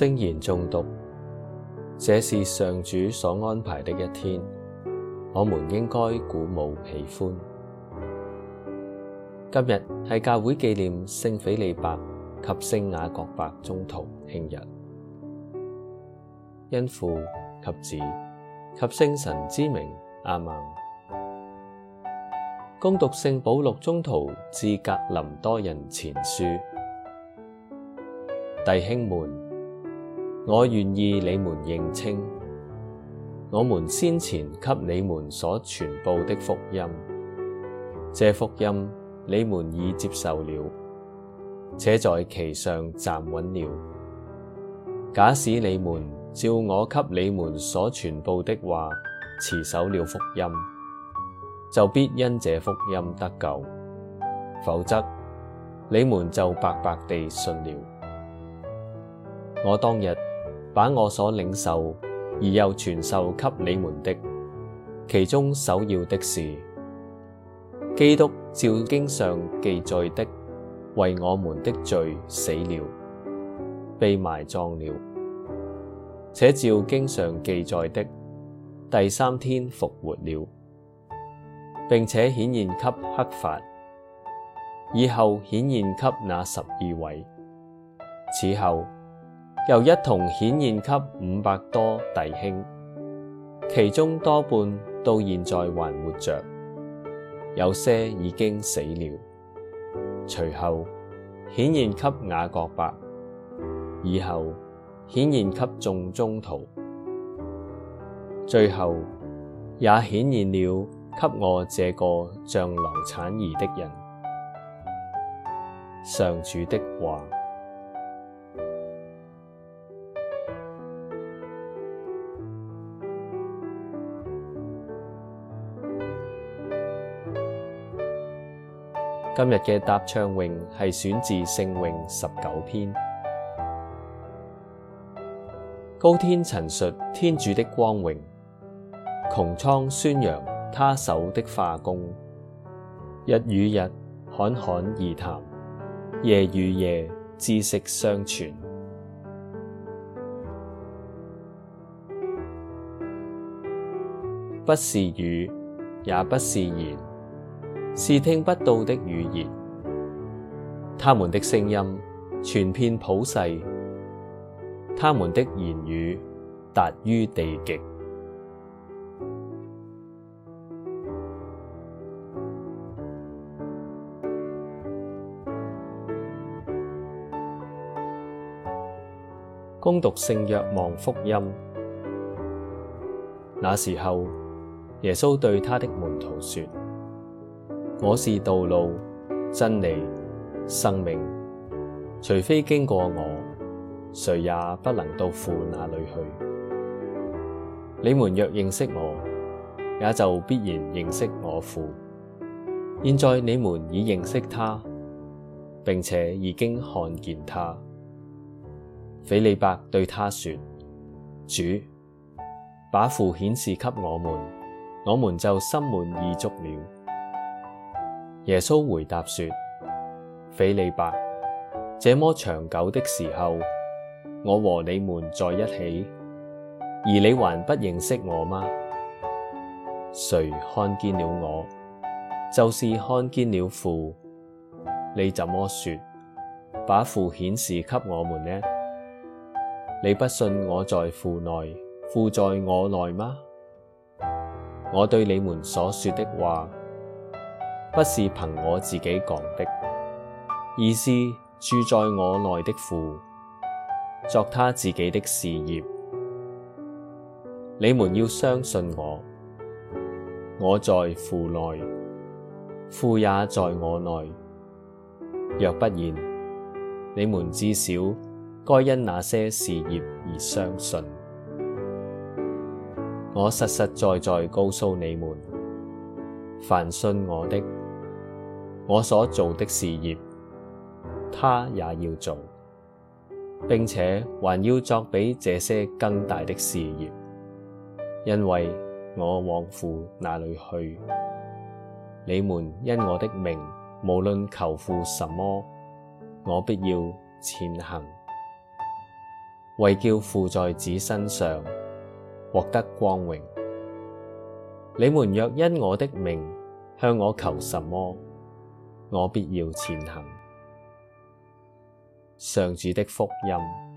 聖言誦讀。我願意你們認清，我們先前給你們所傳報的福音，這福音你們已接受了，且在其上站穩了。假使你們照我給你們所傳報的話持守了福音，就必因這福音得救，否則，你們就白白地信了。我當日。把我所領受而又傳授給你們的，其中首要的是：基督照經上記載的，為我們的罪死了，被埋葬了，且照經上記載的，第三天復活了，並且顯現給刻法，以後顯現給那十二位，此後。又一同顯現給五百多弟兄，其中多半到現在還活着，有些已經死了。隨後顯現給雅各伯，以後顯現給眾宗徒，最後也顯現了給我這個像流產兒的人。上主的話。今日嘅答唱詠係選自《聖詠》十九篇。高天陳述天主的光榮，穹蒼宣揚他手的化工。日與日侃侃而談，夜與夜知識相傳。不是語，也不是言。是聽不到的語言，他們的聲音傳遍普世，他們的言語達於地極。恭讀聖若望福音，那時候，耶穌對他的門徒說：我是道路、真理、生命，除非經過我，誰也不能到父那裏去。你們若認識我，也就必然認識我父。現在你們已認識他，並且已經看見他。斐理伯對他說：主，把父顯示給我們，我們就心滿意足了。耶穌回答說：斐理伯，這麼長久的時候，我和你們在一起，而你還不認識我嗎？誰看見了我，就是看見了父。你怎麼說，把父顯示給我們呢？你不信我在父內，父在我內嗎？我對你們所說的話。不是憑我自己講的，而是住在我內的父作他自己的事業。你們要相信我，我在父內，父也在我內。若不然，你們至少該因那些事業而相信。我實實在在告訴你們，凡信我的。我所做的事業，他也要做，並且還要作比這些更大的事業。因為我往父那裏去，你們因我的名無論求父什麼，我必要踐行，為叫父在子身上獲得光榮。你們若因我的名向我求什麼，我必要踐行。上主的福音。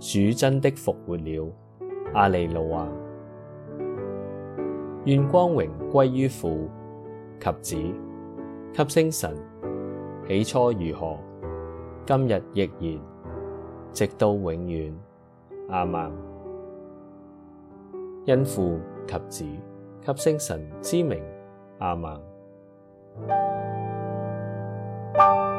主真的復活了，阿肋路亞！願光榮歸於父及子及聖神，起初如何，今日亦然，直到永遠，亞孟。因父及子及聖神之名，亞孟。